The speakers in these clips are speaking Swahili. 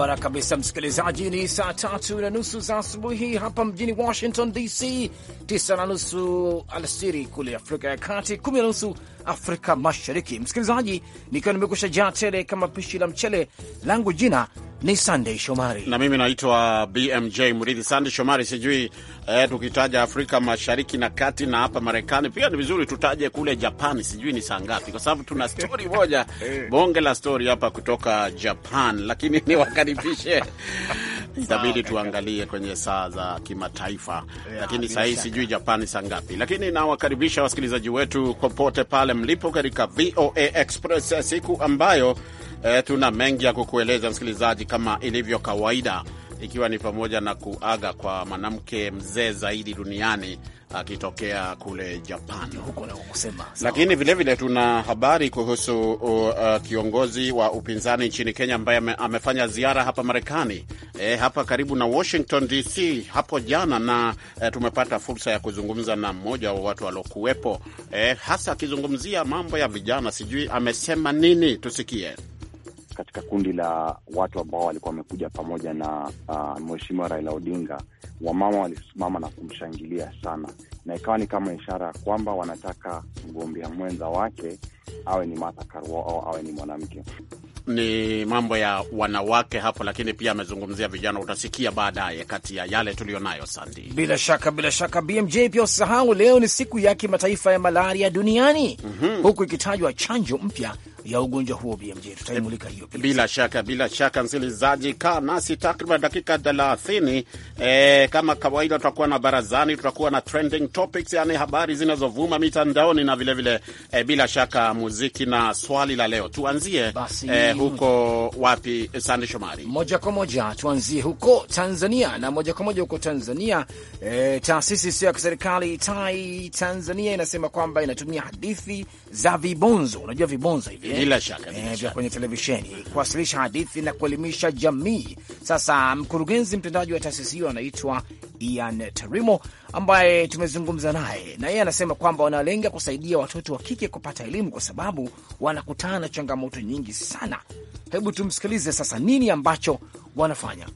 Barabara kabisa, msikilizaji. Ni saa tatu na nusu za asubuhi hapa mjini Washington DC, tisa na nusu alasiri kule Afrika ya Kati, kumi na nusu Afrika Mashariki. Msikilizaji, nikiwa nimekusha jaa tele kama pishi la mchele langu, jina ni Sandey Shomari na mimi naitwa BMJ Mridhi. Sandey Shomari, sijui eh, tukitaja Afrika Mashariki na Kati na hapa Marekani pia ni vizuri tutaje kule Japani, sijui ni saa ngapi, kwa sababu tuna stori moja eh. bonge la stori hapa kutoka Japan, lakini niwakaribishe itabidi tuangalie kwenye saa za kimataifa, lakini sahii sijui Japani saa ngapi, lakini nawakaribisha wasikilizaji wetu popote pale mlipo katika VOA Express siku ambayo E, tuna mengi ya kukueleza msikilizaji, kama ilivyo kawaida, ikiwa ni pamoja na kuaga kwa mwanamke mzee zaidi duniani akitokea kule Japan, lakini vilevile tuna habari kuhusu uh, kiongozi wa upinzani nchini Kenya ambaye ame, amefanya ziara hapa Marekani e, hapa karibu na Washington DC hapo jana, na e, tumepata fursa ya kuzungumza na mmoja wa watu waliokuwepo, e, hasa akizungumzia mambo ya vijana. Sijui amesema nini, tusikie katika kundi la watu ambao walikuwa wamekuja pamoja na uh, mheshimiwa Raila Odinga, wamama walisimama na kumshangilia sana, na ikawa ni kama ishara ya kwamba wanataka mgombea mwenza wake awe ni Martha Karua au awe ni mwanamke. Ni mambo ya wanawake hapo, lakini pia amezungumzia vijana, utasikia baadaye kati ya yale nayo Sandi, bila shaka, bila shaka BMJ. Pia usisahau leo ni siku ya kimataifa ya malaria duniani, mm -hmm. huku ikitajwa chanjo mpya ya ugonjwa huo BMJ. Tutaimulika hiyo pia. bila shaka, bila shaka msikilizaji, kaa nasi takriban dakika 30. E, eh, kama kawaida tutakuwa na barazani, tutakuwa na trending topics, yani habari zinazovuma mitandaoni na vilevile vile, e, bila shaka muziki na swali la leo. Tuanzie basi, e, huko wapi, Sande Shomari? Moja kwa moja tuanzie huko Tanzania na moja kwa moja huko Tanzania e, taasisi isiyo ya kiserikali TAI Tanzania inasema kwamba inatumia hadithi za vibonzo. Unajua vibonzo hivi bila shaka eh, vya kwenye televisheni kuwasilisha hadithi na kuelimisha jamii. Sasa mkurugenzi mtendaji wa taasisi hiyo anaitwa Ian Tarimo ambaye tumezungumza naye, na yeye anasema kwamba wanalenga kusaidia watoto wa kike kupata elimu kwa sababu wanakutana na changamoto nyingi sana. Hebu tumsikilize sasa, nini ambacho wanafanya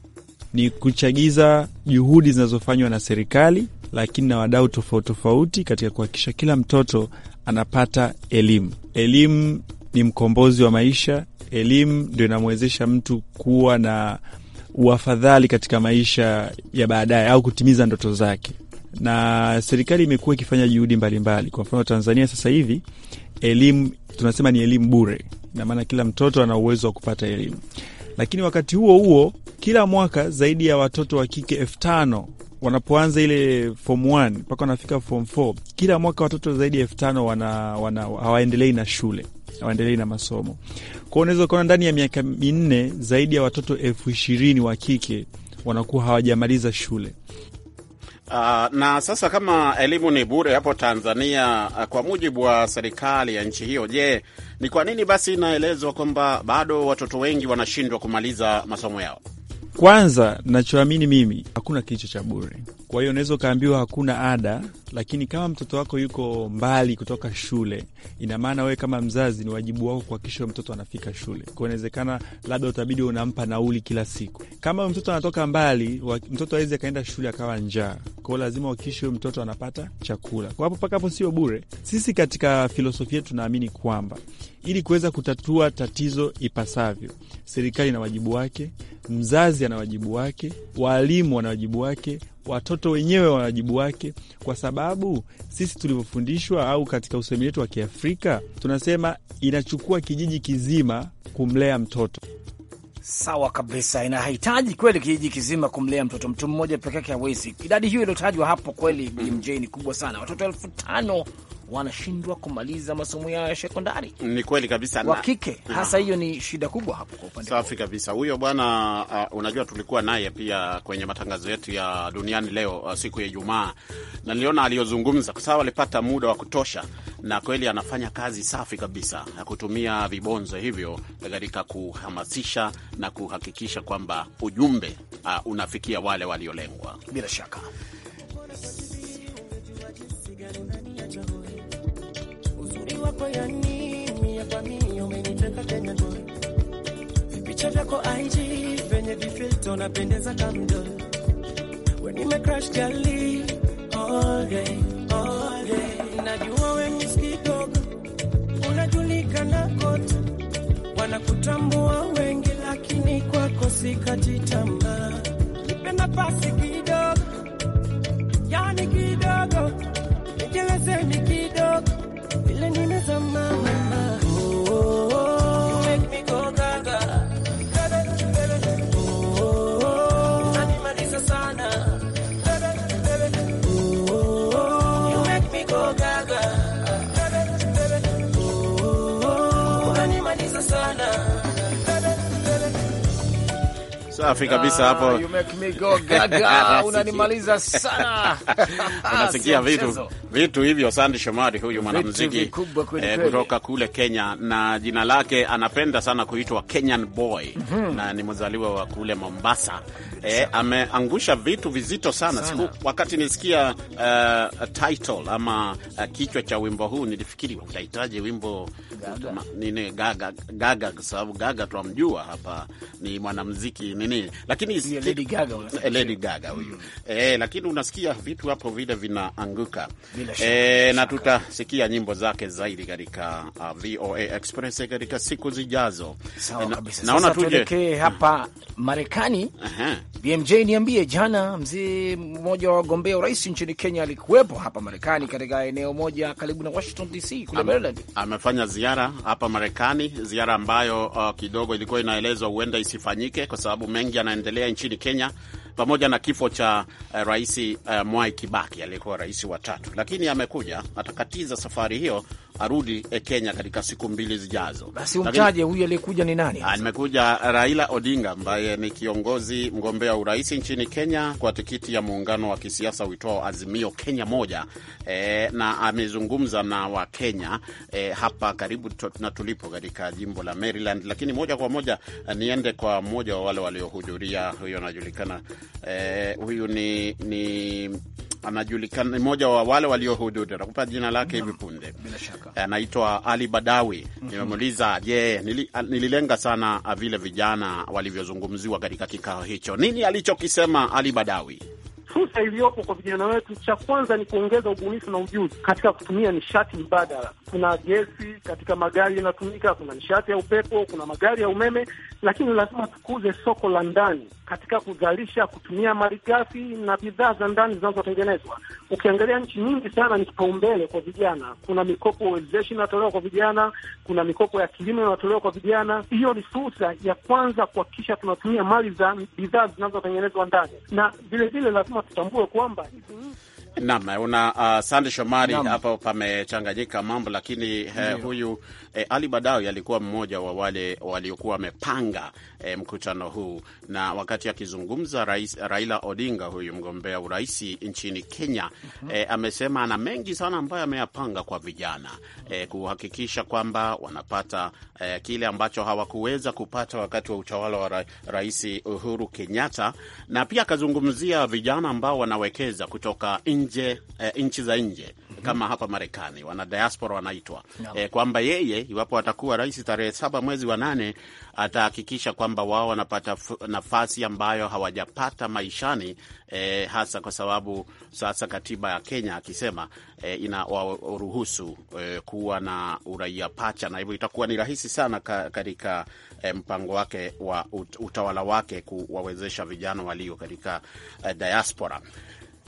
ni kuchagiza juhudi zinazofanywa na serikali lakini na wadau tofauti tofauti katika kuhakikisha kila mtoto anapata elimu. Elimu ni mkombozi wa maisha. Elimu ndio inamwezesha mtu kuwa na uafadhali katika maisha ya baadaye au kutimiza ndoto zake, na serikali imekuwa ikifanya juhudi mbalimbali Kwa mfano Tanzania sasa hivi elimu tunasema ni elimu bure, ina maana kila mtoto ana uwezo wa kupata elimu, lakini wakati huo huo kila mwaka zaidi ya watoto wa kike elfu tano wanapoanza ile form one mpaka wanafika form 4 kila mwaka watoto zaidi ya elfu tano hawaendelei na shule hawaendelei na masomo. Kwao unaweza ukaona ndani ya miaka minne zaidi ya watoto elfu ishirini wa kike wanakuwa hawajamaliza shule. Uh, na sasa kama elimu ni bure hapo Tanzania ah, kwa mujibu wa serikali ya nchi hiyo, je, ni kwa nini basi inaelezwa kwamba bado watoto wengi wanashindwa kumaliza masomo yao? Kwanza nachoamini mimi, hakuna kilicho cha bure. Kwa hiyo unaweza ukaambiwa hakuna ada, lakini kama mtoto wako yuko mbali kutoka shule, ina maana wewe kama mzazi ni wajibu wako kuhakikisha mtoto anafika shule. Kwa inawezekana labda utabidi unampa nauli kila siku. Kama mtoto anatoka mbali, mtoto awezi akaenda shule akawa njaa, kwao lazima uhakikishe mtoto anapata chakula. Kwa hapo mpaka hapo sio bure. Sisi katika filosofia tunaamini kwamba ili kuweza kutatua tatizo ipasavyo serikali ina wajibu wake, mzazi ana wajibu wake, waalimu wana wajibu wake, watoto wenyewe wana wajibu wake, kwa sababu sisi tulivyofundishwa au katika usemi wetu wa Kiafrika tunasema inachukua kijiji kizima kumlea mtoto. Sawa kabisa, inahitaji kweli kijiji kizima kumlea mtoto, mtu mmoja peke yake hawezi. Idadi hiyo iliyotajwa hapo kweli BMJ ni kubwa sana, watoto elfu tano wanashindwa kumaliza masomo yao ya sekondari. Ni kweli kabisa, wa kike hasa. Hiyo ni shida kubwa hapo kwa upande. Safi kabisa. Huyo bwana uh, unajua tulikuwa naye pia kwenye matangazo yetu ya duniani leo uh, siku ya Ijumaa, na niliona aliyozungumza kwa sababu alipata muda wa kutosha, na kweli anafanya kazi safi kabisa ya kutumia vibonzo hivyo katika kuhamasisha na kuhakikisha kwamba ujumbe uh, unafikia wale waliolengwa bila shaka Uzuri wako yani hapa mimi umeniteka tena ndoi. Picha zako IG venye vifilto napendeza kamdo. When you crush jali all day all day. Najua wewe ni kidogo. Unajulikana kote. Wanakutambua wengi lakini kwako sikati Nipe nafasi kidogo. Yani kidogo. Nijeleze Safi kabisa ah, hapo. You make me go gaga. Unanimaliza sana. Unasikia vitu vitu hivyo Sandy Shomari huyu mwanamuziki eh, kutoka kule Kenya na jina lake anapenda sana kuitwa Kenyan Boy mm -hmm. na ni mzaliwa wa kule Mombasa eh, ameangusha vitu vizito sana, sana. Siku, wakati nisikia uh, eh, title ama uh, kichwa cha wimbo huu nilifikiri utahitaji wimbo gaga. Ma, Nini, gaga gaga kwa sababu gaga tunamjua hapa ni mwanamuziki nini, lakini Lady Gaga, eh, Lady Gaga huyu mm. eh, lakini unasikia vitu hapo vile vinaanguka eh, na tutasikia nyimbo zake zaidi katika uh, VOA Express katika siku zijazo. naona tuelekee hapa Marekani. uh -huh. BMJ, niambie, jana mzee mmoja wa wagombea urais nchini Kenya alikuwepo hapa Marekani katika eneo moja karibu na Washington DC kule Maryland. Amefanya ziara hapa Marekani, ziara ambayo uh, kidogo ilikuwa inaelezwa huenda isifanyike kwa sababu mengi yanaendelea nchini Kenya, pamoja na kifo cha uh, rais uh, Mwai Kibaki aliyekuwa rais wa tatu, lakini amekuja atakatiza safari hiyo arudi e Kenya katika siku mbili zijazo. Basi umtaje huyu aliyekuja ni nani? Ah, nimekuja Raila Odinga ambaye ni kiongozi mgombea urais nchini Kenya kwa tikiti ya muungano wa kisiasa uitwao Azimio Kenya Moja, e, na amezungumza na Wakenya e, eh, hapa karibu na tulipo katika jimbo la Maryland. Lakini moja kwa moja niende kwa mmoja wa wale waliohudhuria. Huyu anajulikana e, huyu ni, ni anajulikana, ni mmoja wa wale waliohududu. nakupa jina lake hivi punde, eh, anaitwa Ali Badawi. Mhm. Nimemuuliza Je, nililenga sana ah, vile vijana walivyozungumziwa katika kikao hicho. Nini alichokisema Ali Badawi? Fursa iliyopo kwa vijana wetu, cha kwanza ni kuongeza ubunifu na ujuzi katika kutumia nishati mbadala. Kuna gesi katika magari inatumika, kuna nishati ya upepo, kuna magari ya umeme, lakini lazima tukuze soko la ndani katika kuzalisha kutumia malighafi na bidhaa za ndani zinazotengenezwa. Ukiangalia nchi nyingi sana, ni kipaumbele kwa vijana. Kuna mikopo wezeshi inatolewa kwa vijana, kuna mikopo ya kilimo inatolewa kwa vijana. Hiyo ni fursa ya kwanza kuhakikisha tunatumia mali za bidhaa zinazotengenezwa ndani, na vilevile lazima tutambue kwamba Naam, una uh, Sande Shomari, hapo pamechanganyika mambo lakini he, eh, huyu eh, Ali Badawi alikuwa mmoja wa wale waliokuwa wamepanga eh, mkutano huu na wakati wakati akizungumza rais, Raila Odinga huyu mgombea uraisi nchini Kenya uh -huh. E, amesema ana mengi sana ambayo ameyapanga kwa vijana e, kuhakikisha kwamba wanapata e, kile ambacho hawakuweza kupata wakati wa utawala wa ra, Rais Uhuru Kenyatta, na pia akazungumzia vijana ambao wanawekeza kutoka nje e, nchi za nje Mm-hmm. kama hapa Marekani wana diaspora wanaitwa no. E, eh, kwamba yeye iwapo atakuwa rais tarehe saba mwezi wa nane atahakikisha kwamba wao wanapata nafasi ambayo hawajapata maishani e, hasa kwa sababu sasa katiba ya Kenya akisema e, eh, inawaruhusu e, kuwa na uraia pacha, na hivyo itakuwa ni rahisi sana ka, katika e, mpango wake wa ut, utawala wake kuwawezesha vijana walio katika e, diaspora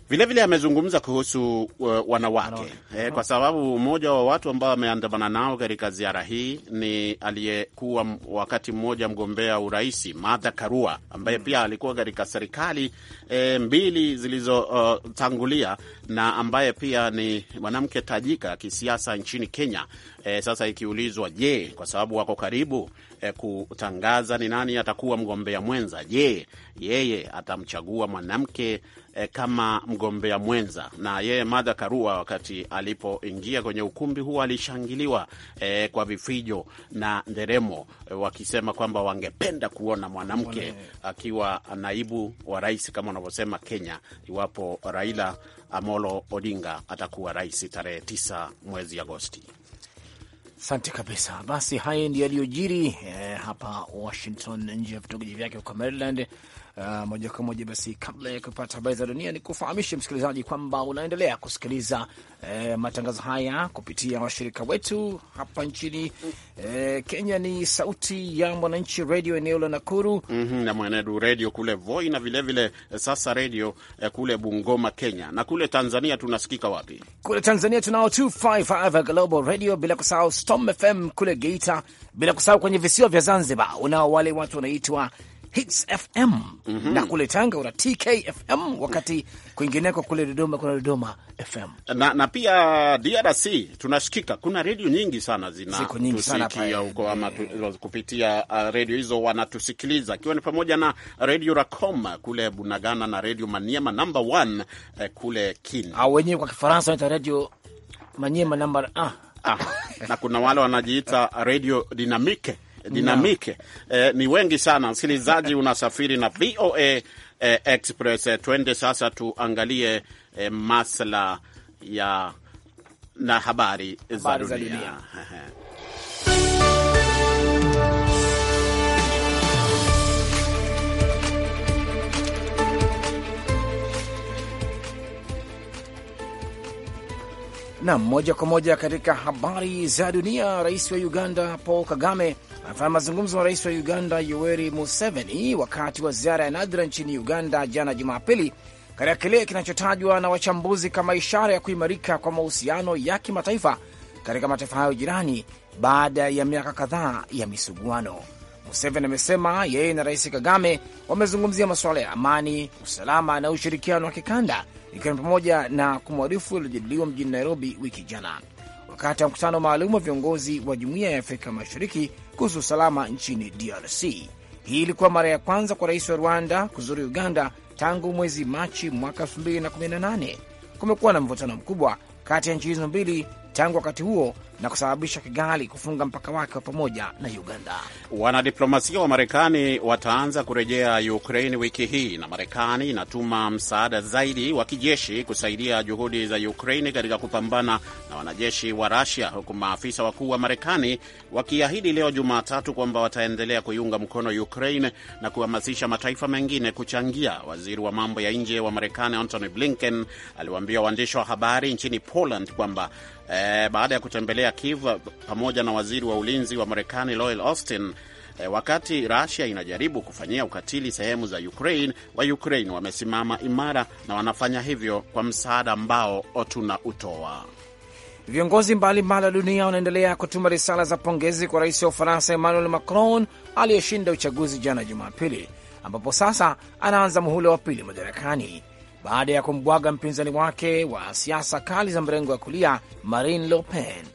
Vilevile amezungumza kuhusu uh, wanawake eh, kwa sababu mmoja wa watu ambao ameandamana nao katika ziara hii ni aliyekuwa wakati mmoja mgombea uraisi Martha Karua ambaye mm. pia alikuwa katika serikali eh, mbili zilizotangulia uh, na ambaye pia ni mwanamke tajika kisiasa nchini Kenya. Eh, sasa ikiulizwa, je, kwa sababu wako karibu e, kutangaza ni nani atakuwa mgombea mwenza, je, yeye atamchagua mwanamke eh, kama mgombea mwenza. Na yeye Martha Karua wakati alipoingia kwenye ukumbi huo alishangiliwa eh, kwa vifijo na nderemo eh, wakisema kwamba wangependa kuona mwanamke akiwa naibu wa rais kama wanavyosema Kenya, iwapo Raila Amolo Odinga atakuwa rais tarehe 9 mwezi Agosti. Asante kabisa. Basi haya ndio yaliyojiri eh, hapa Washington, nje ya vitongoji vyake huko Maryland. Uh, moja kwa moja basi, kabla ya kupata habari za dunia, ni kufahamishe msikilizaji kwamba unaendelea kusikiliza eh, matangazo haya kupitia washirika wetu hapa nchini eh, Kenya ni Sauti ya Mwananchi redio eneo la Nakuru mm -hmm, na Mwenedu redio kule Voi na vilevile vile, eh, sasa redio eh, kule Bungoma Kenya. Na kule Tanzania tunasikika wapi? Kule Tanzania tunao 255 Global Radio, bila kusahau Storm FM kule Geita bila kusahau kwenye visiwa vya Zanzibar unao wale watu wanaitwa Hits FM mm -hmm. na kule Tanga una TKFM, wakati kwingineko kule Dodoma kuna Dodoma FM na, na pia DRC tunashikika, kuna redio nyingi sana zinatusikia huko ama tu, kupitia uh, redio hizo wanatusikiliza, ikiwa ni pamoja na redio Racom kule Bunagana na redio Maniema namba 1 eh, kule Kin au wenyewe kwa Kifaransa wanaita redio Maniema namba ah. ah na kuna wale wanajiita Radio Dinamike Dinamike. Eh, ni wengi sana msikilizaji, unasafiri na VOA eh, Express. Eh, twende sasa tuangalie eh, masala ya na habari, habari za dunia, za dunia. Na moja kwa moja katika habari za dunia, rais wa Uganda Paul Kagame anafanya mazungumzo na rais wa Uganda Yoweri Museveni wakati wa ziara ya nadra nchini Uganda jana Jumapili, katika kile kinachotajwa na wachambuzi kama ishara ya kuimarika kwa mahusiano ya kimataifa katika mataifa hayo jirani baada ya miaka kadhaa ya misuguano. Museveni amesema yeye na rais Kagame wamezungumzia masuala ya amani, usalama na ushirikiano wa kikanda ikiwa ni pamoja na kumwarifu yaliyojadiliwa mjini Nairobi wiki jana wakati wa mkutano maalum wa viongozi wa Jumuiya ya Afrika Mashariki kuhusu usalama nchini DRC. Hii ilikuwa mara ya kwanza kwa rais wa Rwanda kuzuru Uganda tangu mwezi Machi mwaka 2018. Kumekuwa na mvutano mkubwa kati ya nchi hizo mbili tangu wakati huo na kusababisha Kigali kufunga mpaka wake wa pamoja na Uganda. Wanadiplomasia wa Marekani wataanza kurejea Ukraine wiki hii, na Marekani inatuma msaada zaidi wa kijeshi kusaidia juhudi za Ukraine katika kupambana na wanajeshi wa Rusia, huku maafisa wakuu wa Marekani wakiahidi leo Jumatatu kwamba wataendelea kuiunga mkono Ukraine na kuhamasisha mataifa mengine kuchangia. Waziri wa mambo ya nje wa Marekani Antony Blinken aliwaambia waandishi wa habari nchini Poland kwamba eh, baada ya kutembelea ya Kiev pamoja na waziri wa ulinzi wa Marekani Lloyd Austin e, wakati Russia inajaribu kufanyia ukatili sehemu za Ukraine, wa Ukraine wamesimama imara na wanafanya hivyo kwa msaada ambao tuna utoa. Viongozi mbalimbali wa dunia wanaendelea kutuma risala za pongezi kwa rais wa Ufaransa Emmanuel Macron aliyeshinda uchaguzi jana Jumapili, ambapo sasa anaanza muhula wa pili madarakani baada ya kumbwaga mpinzani wake wa siasa kali za mrengo wa kulia Marine Le Pen.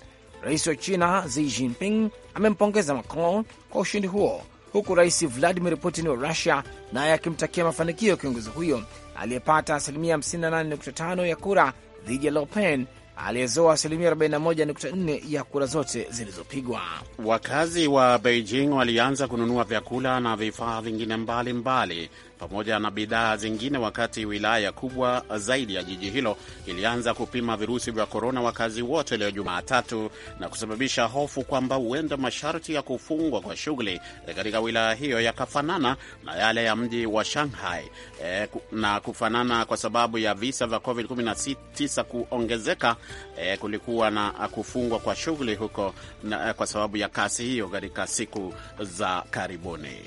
Rais wa China Xi Jinping amempongeza Macron kwa ushindi huo, huku Rais Vladimir Putin wa Rusia naye akimtakia mafanikio ya kiongozi huyo aliyepata asilimia 58.5 ya kura dhidi ya Le Pen aliyezoa asilimia 41.4 ya kura zote zilizopigwa. Wakazi wa Beijing walianza kununua vyakula na vifaa vingine mbalimbali pamoja na bidhaa zingine, wakati wilaya kubwa zaidi ya jiji hilo ilianza kupima virusi vya korona wakazi wote leo Jumatatu, na kusababisha hofu kwamba huenda masharti ya kufungwa kwa shughuli e, katika wilaya hiyo yakafanana na yale ya mji wa Shanghai e, na kufanana kwa sababu ya visa vya COVID-19 kuongezeka. E, kulikuwa na kufungwa kwa shughuli huko na, e, kwa sababu ya kasi hiyo katika siku za karibuni.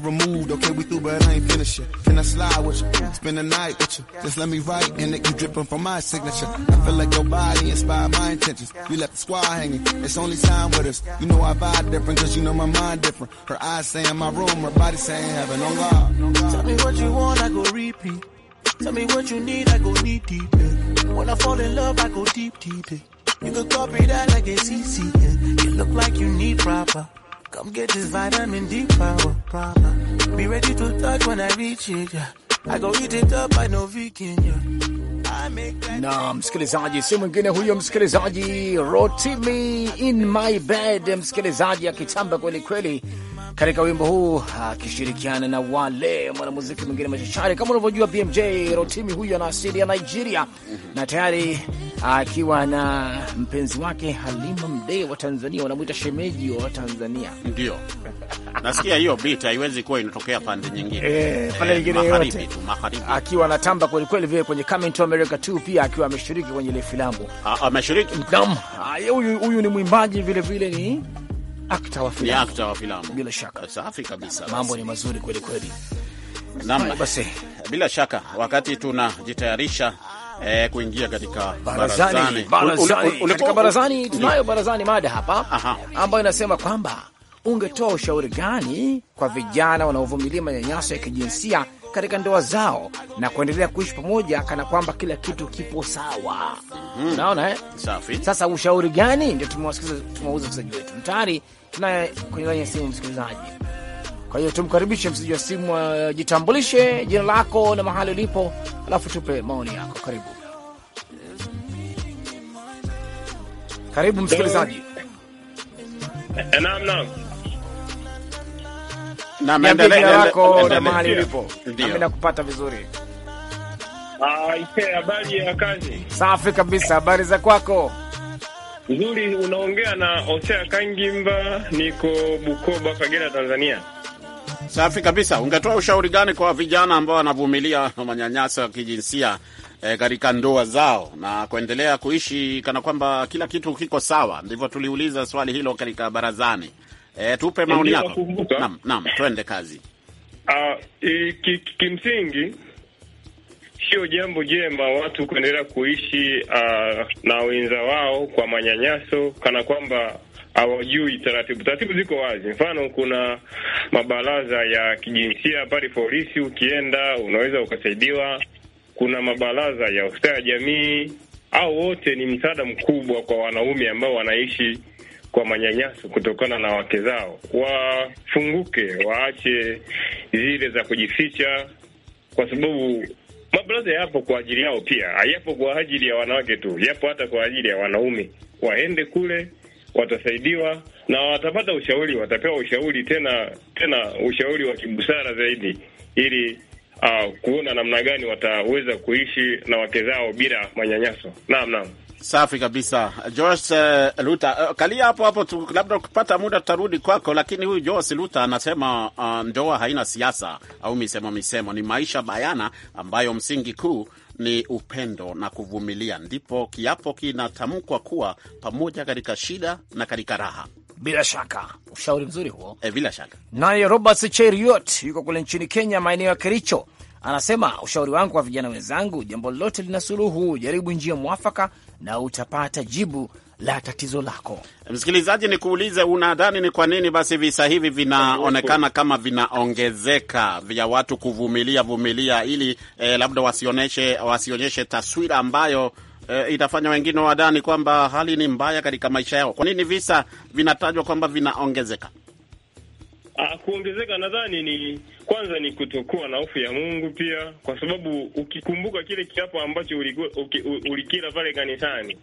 finna removed. Okay, we through, but I ain't finished yet. Can I slide with you? Spend the night with you. Just let me write and it you dripping from my signature. I feel like your body inspired my intentions. You left the squad hanging. It's only time with us. You know I vibe different, cause you know my mind different. Her eyes say in my room, her body saying heaven. No oh Tell me what you want, I go repeat. Tell me what you need, I go deep, deep. Yeah. When I fall in love, I go deep, deep. Yeah. You can copy that like it's easy. Yeah. You look like you need proper. Come get this vitamin D power, Be ready to touch when I reach it, yeah. I go eat it up, I know vegan, yeah. na msikilizaji, si mwingine huyo msikilizaji, Rotimi in my bed, msikilizaji akitamba kweli kweli katika wimbo huu akishirikiana na Wale, mwanamuziki mwingine machachari kama unavyojua BMJ Rotimi. Huyu ana asili ya Nigeria na tayari akiwa na mpenzi wake Halima Mdee wa Tanzania, wanamwita shemeji wa Tanzania. Ndio nasikia hiyo bit haiwezi kuwa inatokea pande nyingine e, pande eh, nyingine e, yote akiwa anatamba kwelikweli vile kwenye Coming to America 2 pia akiwa ameshiriki kwenye ile filamu ah, ameshiriki. Huyu ni mwimbaji vilevile ni akta wa filamu, akta wa filamu. Bila shaka safi kabisa, mambo ni mazuri kweli kweli. Naam, basi bila shaka wakati tunajitayarisha Eh, kuingia katika barazani, barazani. Katika barazani tunayo barazani mada hapa ambayo inasema kwamba ungetoa ushauri gani kwa vijana wanaovumilia manyanyaso ya kijinsia katika ndoa zao na kuendelea kuishi pamoja kana kwamba kila kitu kipo sawa. Mm. Naona eh? Safi. Sasa ushauri gani ndio tumewasikiza tumewauza msikilizaji wetu. mtayari tunaye kwenye laini ya simu msikilizaji. Kwa hiyo tumkaribishe msikilizaji wa simu, uh, jitambulishe jina lako na mahali ulipo, alafu tupe maoni yako. Karibu. Karibu msikilizaji. Naam, naam na wako na mahali ulipo, Mimi nakupata vizuri. Ah, habari ya kazi? Safi kabisa, habari za kwako? Nzuri. Unaongea na Osea Kangimba, niko Bukoba, Kagera, Tanzania. Safi kabisa. Ungetoa ushauri gani kwa vijana ambao wanavumilia manyanyaso ya kijinsia e, katika ndoa zao na kuendelea kuishi kana kwamba kila kitu kiko sawa? Ndivyo tuliuliza swali hilo katika barazani. E, tupe maoni yako. Naam, naam, twende kazi. Uh, ki, kimsingi sio jambo jema watu kuendelea kuishi uh, na wenza wao kwa manyanyaso, kana kwamba hawajui taratibu. Taratibu ziko wazi. Mfano, kuna mabaraza ya kijinsia pale polisi, ukienda unaweza ukasaidiwa. Kuna mabaraza ya ustawi ya jamii, au wote ni msaada mkubwa kwa wanaume ambao wanaishi kwa manyanyaso kutokana na wake zao, wafunguke, waache zile za kujificha, kwa sababu mabaraza yapo kwa ajili yao pia, hayapo kwa ajili ya wanawake tu, yapo hata kwa ajili ya wanaume. Waende kule watasaidiwa na watapata ushauri, watapewa ushauri tena tena, ushauri wa kibusara zaidi, ili uh, kuona namna gani wataweza kuishi na wake zao bila manyanyaso. Naam, naam. Safi kabisa Joyce uh, eh, Luta uh, kalia hapo hapo tu, labda ukipata muda tutarudi kwako, lakini huyu Joyce Luta anasema uh, ndoa haina siasa au misemo misemo, ni maisha bayana ambayo msingi kuu ni upendo na kuvumilia, ndipo kiapo kinatamkwa kuwa pamoja katika shida na katika raha. Bila shaka ushauri mzuri huo e, bila shaka. Naye Robert Cheriot yuko kule nchini Kenya, maeneo ya Kericho, anasema ushauri wangu kwa vijana wenzangu, jambo lolote lina suluhu, jaribu njia mwafaka na utapata jibu la tatizo lako. Msikilizaji, nikuulize, unadhani ni kwa nini basi visa hivi vinaonekana kama vinaongezeka vya watu kuvumilia vumilia ili eh, labda wasionyeshe wasionyeshe taswira ambayo eh, itafanya wengine wadhani kwamba hali ni mbaya katika maisha yao? Kwa nini visa vinatajwa kwamba vinaongezeka? Ah, kuongezeka nadhani ni kwanza ni kutokuwa na hofu ya Mungu pia, kwa sababu ukikumbuka kile kiapo ambacho ulikila pale kanisani,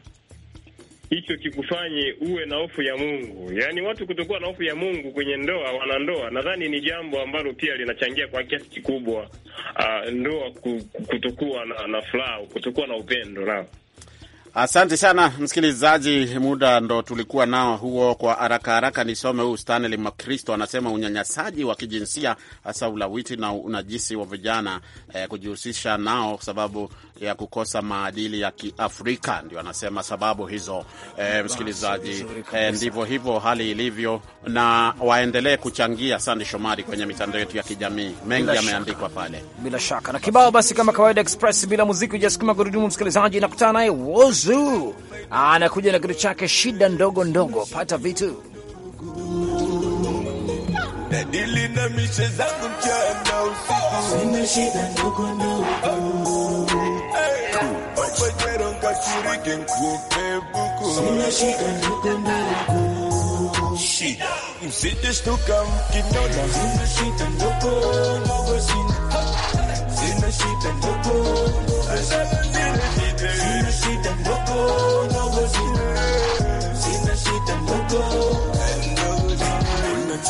hicho kikufanye uwe na hofu ya Mungu. Yaani watu kutokuwa na hofu ya Mungu kwenye ndoa, wanandoa, nadhani ni jambo ambalo pia linachangia kwa kiasi kikubwa uh, ndoa kutokuwa na, na furaha, kutokuwa na upendo nao Asante sana msikilizaji, muda ndo tulikuwa nao huo. Kwa haraka haraka nisome huu. Stanley Makristo anasema unyanyasaji wa kijinsia hasa ulawiti na unajisi wa vijana eh, kujihusisha nao sababu ya kukosa maadili ya Kiafrika, ndio anasema sababu hizo. Eh, msikilizaji, eh, ndivyo hivyo hali ilivyo, na waendelee kuchangia. Sande Shomari, kwenye mitandao yetu ya kijamii mengi yameandikwa pale, bila shaka na kibao. Basi kama kawaida, Express bila muziki ujasukuma gurudumu, msikilizaji nakutana naye Zuchu anakuja na kitu chake shida ndogo ndogo, pata vitu shida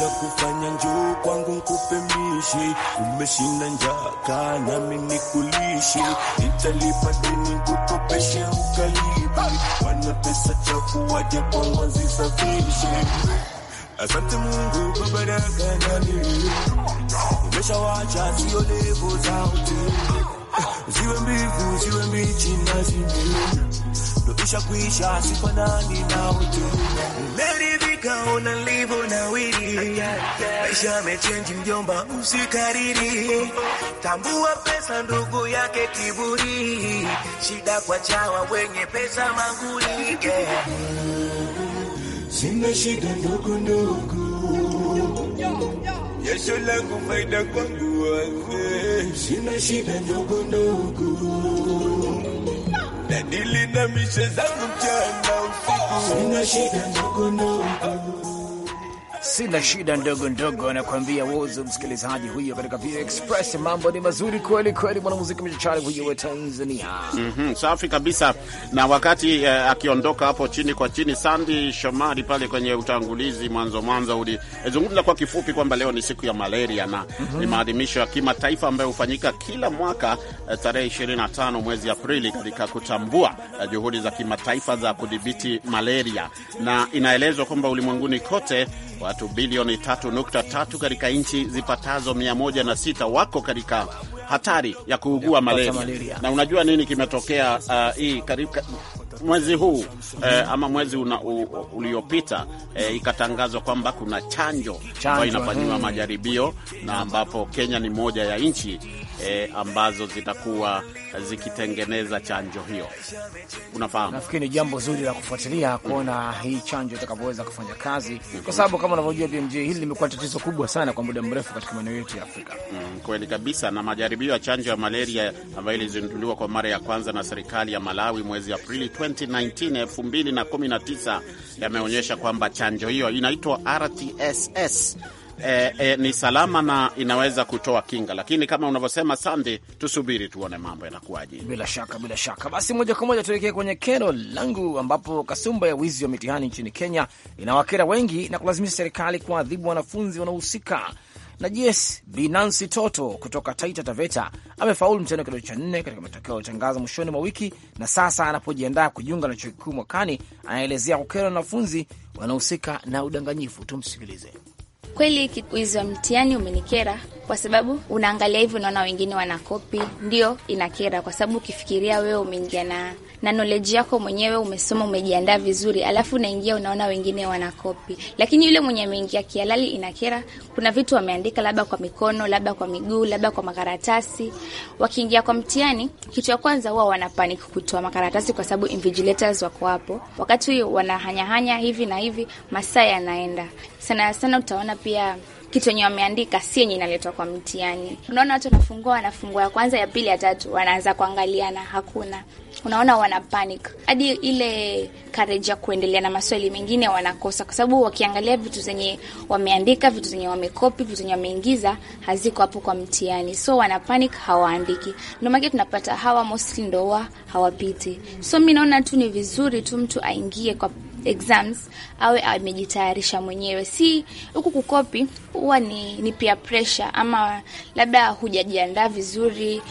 kufanya njoo kwangu nkupe mishi, umeshinda njaa, nami nikulishi, nitalipa deni kukopeshe ukalibi, wana pesa cha kuwaja kwangu zisafirishe. Asante Mungu kwa baraka nami umeshawacha, sio levo za utini ziwe mbivu ziwe mbichi na zimeuna, ndo kuisha sifanani na wote meridhika ona livo na wili maisha mechenji mjomba, usikariri tambua pesa ndugu yake kiburi, shida kwa chawa wenye pesa manguli sina shida ndogo ndogo Jasho langu faida kwangu wewe, sina shida ndogo ndogo, nadili na mishe zangu mchana usiku, sina shida ndogo ndogo sina shida ndogo ndogo, anakuambia Wozo, msikilizaji huyo katika Vio Express. Mambo ni mazuri kweli kweli, mwanamuziki mchachari huyo wa Tanzania. mm -hmm, safi kabisa. Na wakati eh, akiondoka hapo chini kwa chini, Sandi Shomari pale kwenye utangulizi mwanzo mwanzo ulizungumza eh, kwa kifupi kwamba leo ni siku ya malaria na mm -hmm. ni maadhimisho ya kimataifa ambayo hufanyika kila mwaka eh, tarehe 25 mwezi Aprili katika kutambua eh, juhudi za kimataifa za kudhibiti malaria, na inaelezwa kwamba ulimwenguni kote watu bilioni 3.3 katika nchi zipatazo 106 wako katika hatari ya kuugua malaria. Na unajua nini kimetokea uh, hii mwezi huu eh, ama mwezi una, u, uliopita eh, ikatangazwa kwamba kuna chanjo ambayo inafanyiwa mm-hmm. majaribio na ambapo Kenya ni moja ya nchi eh, ambazo zitakuwa zikitengeneza chanjo hiyo. Unafahamu, nafikiri ni jambo zuri la kufuatilia kuona mm, hii chanjo itakavyoweza kufanya kazi mm -hmm, kwa sababu kama unavyojua BMJ, hili limekuwa tatizo kubwa sana kwa muda mrefu katika maeneo yetu ya Afrika. Mm, kweli kabisa. Na majaribio ya chanjo ya malaria ambayo ilizinduliwa kwa mara ya kwanza na serikali ya Malawi mwezi Aprili 2019, 2019 yameonyesha kwamba chanjo hiyo inaitwa RTSS eh, eh, ni salama na inaweza kutoa kinga, lakini kama unavyosema Sandi, tusubiri tuone mambo yanakuwaje. Bila shaka, bila shaka. Basi moja kwa moja tuelekee kwenye kero langu, ambapo kasumba ya wizi wa mitihani nchini Kenya inawakera wengi na kulazimisha serikali kuadhibu wanafunzi wanaohusika na yes, Binansi Toto kutoka Taita Taveta amefaulu mtihani wa kidato cha nne katika matokeo yaliyotangaza mwishoni mwa wiki, na sasa anapojiandaa kujiunga na chuo kikuu mwakani, anaelezea kukera na wanafunzi wanahusika na udanganyifu. Tumsikilize. Kweli wizi wa mtihani umenikera kwa sababu unaangalia hivi, unaona wengine wanakopi, ndio inakera, kwa sababu ukifikiria wewe umeingia na na knowledge yako mwenyewe umesoma, umejiandaa vizuri, alafu unaingia unaona wengine wanakopi. Lakini yule mwenye ameingia kialali inakera. Kuna vitu wameandika labda kwa mikono, labda kwa miguu, labda kwa makaratasi. Wakiingia kwa mtihani, kitu ya kwanza huwa wana panic kutoa makaratasi kwa sababu invigilators wako hapo. Wakati huo wanahanyahanya hivi na hivi, masaa yanaenda. Sana sana utaona pia kitu yenye wameandika si yenye inaletwa kwa mtihani. Unaona watu wanafungua, wanafungua ya kwanza, ya pili, ya tatu, wanaanza kuangaliana, hakuna. Unaona wana panic hadi ile kareji ya kuendelea na maswali mengine wanakosa, kwa sababu wakiangalia vitu zenye wameandika, vitu zenye wamekopi, vitu zenye wameingiza haziko hapo kwa mtihani, so wana panic, hawaandiki. Ndio maana tunapata hawa mostly ndoa hawapiti. So mi naona tu ni vizuri tu mtu aingie kwa exams awe amejitayarisha mwenyewe, si huku kukopi. Huwa ni, ni peer pressure ama labda hujajiandaa vizuri,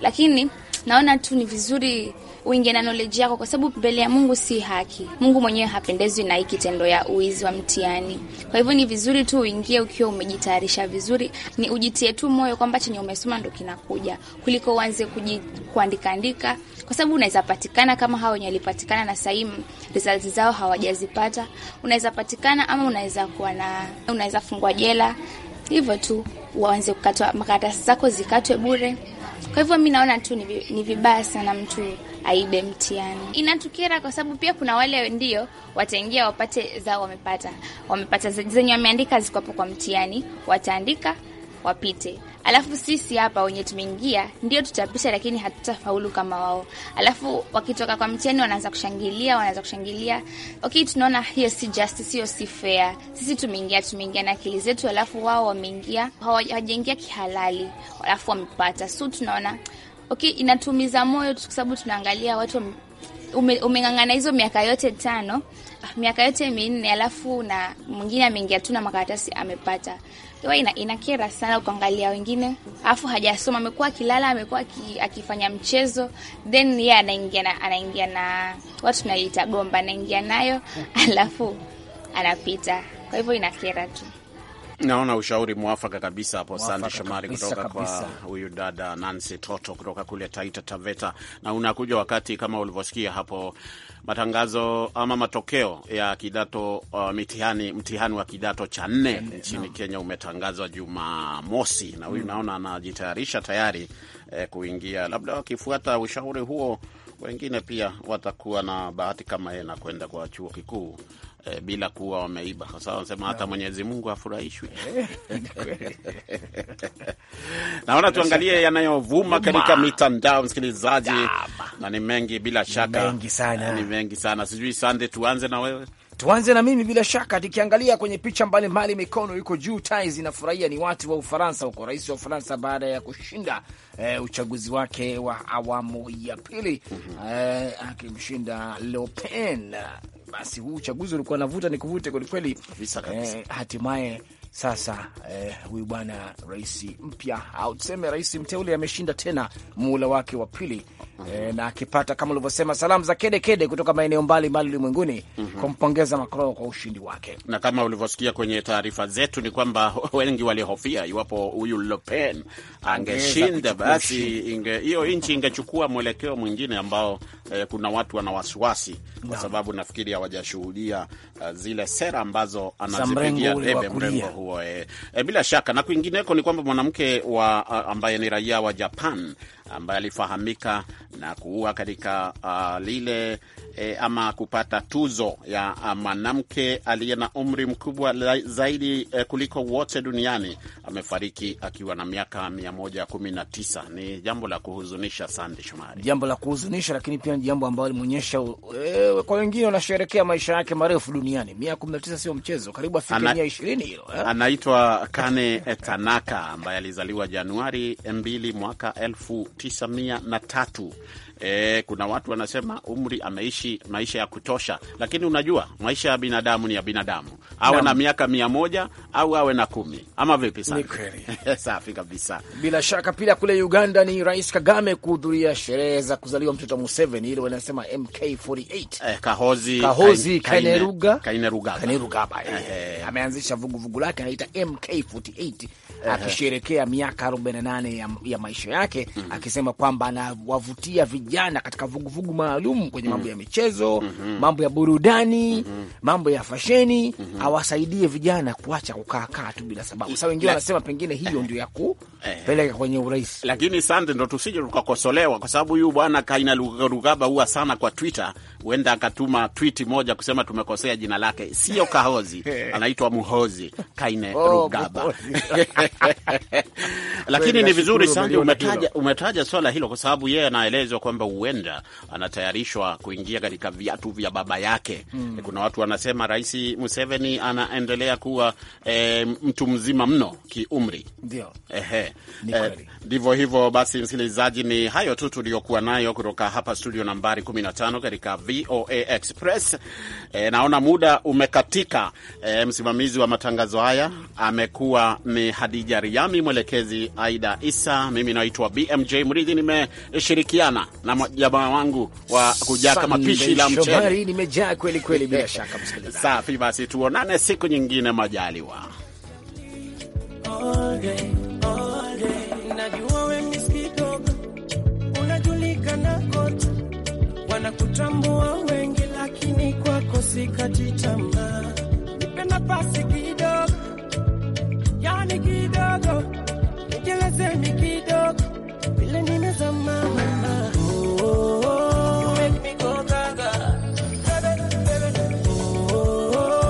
lakini naona tu ni vizuri uingie na knowledge yako, kwa sababu mbele ya Mungu si haki. Mungu mwenyewe hapendezwi na hii kitendo ya uizi wa mtihani. Kwa hivyo ni vizuri tu uingie ukiwa umejitayarisha vizuri, ni ujitie tu moyo kwamba chenye umesoma ndo kinakuja, kuliko uanze kuji kuandikaandika kwa sababu unaweza patikana kama hao wenye walipatikana na sahii results zao hawajazipata, unaweza patikana ama unaweza kuwa na unaweza fungwa jela hivyo tu, waanze kukatwa makaratasi zako zikatwe bure. Kwa hivyo mi naona tu ni vibaya sana mtu aibe mtihani. Inatukera kwa sababu pia kuna wale ndio wataingia wapate zao wamepata wamepata zenye wameandika ziko hapo kwa mtihani, wataandika wapite, alafu sisi hapa wenye tumeingia ndio tutapita, lakini hatutafaulu kama wao. Alafu wakitoka kwa mtihani wanaanza kushangilia, wanaanza kushangilia. Okay, tunaona hiyo si justice, hiyo si fair. Sisi tumeingia, tumeingia na akili zetu, alafu wao wameingia, hawajaingia kihalali, alafu wamepata. So tunaona okay, inatumiza moyo kwa sababu tunaangalia watu ume, umeng'ang'ana hizo miaka yote tano miaka yote minne, alafu na mwingine ameingia tu na makaratasi amepata. Ina, inakera sana ukiangalia wengine, alafu hajasoma, amekuwa akilala, amekuwa akifanya mchezo, then yeye yeah, anaingia na anaingia na watu naita gomba, anaingia nayo alafu anapita. Kwa hivyo inakera tu. Naona ushauri mwafaka kabisa hapo, Sande Shomari, kutoka kabisa kwa huyu dada Nancy Toto kutoka kule Taita Taveta, na unakuja wakati kama ulivyosikia hapo matangazo ama matokeo ya kidato uh, mitihani, mtihani wa kidato cha nne nchini no. Kenya umetangazwa Jumamosi na huyu mm. naona anajitayarisha tayari eh, kuingia, labda wakifuata ushauri huo wengine pia watakuwa na bahati kama yeye na kwenda kwa chuo kikuu e, bila kuwa wameiba. sababu wanasema hata Mwenyezi Mungu afurahishwi. Eh, Naona tuangalie yanayovuma katika mitandao, msikilizaji, na ni mengi bila shaka, mengi sana, eh, ni mengi sana. Sijui Sande, tuanze na wewe tuanze na mimi bila shaka, tukiangalia kwenye picha mbalimbali, mikono iko juu, tai zinafurahia. Ni watu wa Ufaransa huko, rais wa Ufaransa baada ya kushinda e, uchaguzi wake wa awamu ya pili mm -hmm. e, akimshinda Le Pen basi huu uchaguzi ulikuwa navuta ni kuvute kwelikweli, eh, hatimaye sasa eh, huyu eh, bwana rais mpya au tuseme rais mteule ameshinda tena muhula wake wa pili mm eh, na akipata kama ulivyosema salamu za kedekede kede kutoka maeneo mbalimbali ulimwenguni mm -hmm. kumpongeza Macron kwa ushindi wake, na kama ulivyosikia kwenye taarifa zetu ni kwamba wengi walihofia iwapo huyu Le Pen angeshinda, basi hiyo inge, nchi ingechukua mwelekeo mwingine ambao eh, kuna watu wana wasiwasi kwa sababu nafikiri hawajashuhudia uh, zile sera ambazo anazipigia debe mrengo huo eh. Eh, bila shaka na kwingineko ni kwamba mwanamke wa ambaye ni raia wa Japan ambaye alifahamika na kuua katika uh, lile e, ama kupata tuzo ya uh, mwanamke aliye na umri mkubwa zaidi e, kuliko wote duniani amefariki akiwa na miaka 119. Ni jambo la kuhuzunisha, Sande Shomari, jambo la kuhuzunisha, lakini pia ni jambo ambalo limeonyesha e, kwa wengine wanasherekea maisha yake marefu duniani. Miaka 19 sio mchezo, karibu afike mia ishirini hilo. Anaitwa Kane Tanaka ambaye alizaliwa Januari 2 mwaka elfu 1903 e, kuna watu wanasema umri ameishi maisha ya kutosha, lakini unajua maisha ya binadamu ni ya binadamu, awe na, na miaka mia moja au awe na kumi ama vipi? Safi kabisa. Bila shaka pia kule Uganda ni Rais Kagame kuhudhuria sherehe za kuzaliwa mtoto Museveni, ile wanasema MK48 eh, Kahozi, Kahozi Kaineruga, Kaineruga, Kaineruga eh, eh, eh, ameanzisha vuguvugu lake anaita MK48 eh, akisherekea miaka 48 ya, ya maisha yake mm -hmm. akisema kwamba anawavutia vijana vijana katika vuguvugu maalum kwenye mambo ya mm. michezo, mm-hmm. mambo ya burudani, mm-hmm. mambo ya fasheni, mm-hmm. awasaidie vijana kuacha kukaakaa tu bila sababu. Sasa wengine wanasema pengine hiyo ndio ya kupeleka eh. kwenye urais, lakini sande, ndo tusije tukakosolewa kwa sababu huyu bwana Kaina Rugaba huwa sana kwa Twitter, huenda akatuma tweet moja kusema tumekosea jina lake, sio Kahozi, eh. anaitwa Muhozi Kaine Rugaba. Oh, lakini ni vizuri sana umetaja, umetaja swala hilo kwa sababu yeye anaelezwa kwamba kwamba huenda anatayarishwa kuingia katika viatu vya baba yake mm. Kuna watu wanasema Rais Museveni anaendelea kuwa e, mtu mzima mno kiumri, ndio eh, ndivyo e, hivyo. Basi msikilizaji, ni hayo tu tuliyokuwa nayo kutoka hapa studio nambari 15 katika VOA Express. E, naona muda umekatika. E, msimamizi wa matangazo haya amekuwa ni Hadija Riami, mwelekezi Aida Isa, mimi naitwa BMJ Mridhi, nimeshirikiana na jamaa wangu wa kujaa kama pishi la mchele. Nimejaa kweli kweli, bila shaka msikilizaji. Safi, basi tuonane siku nyingine majaliwa. wanakutambua wengi, lakini kwako sikati tamaa. Nipe nafasi kidogo, yani kidogo, kidogo vile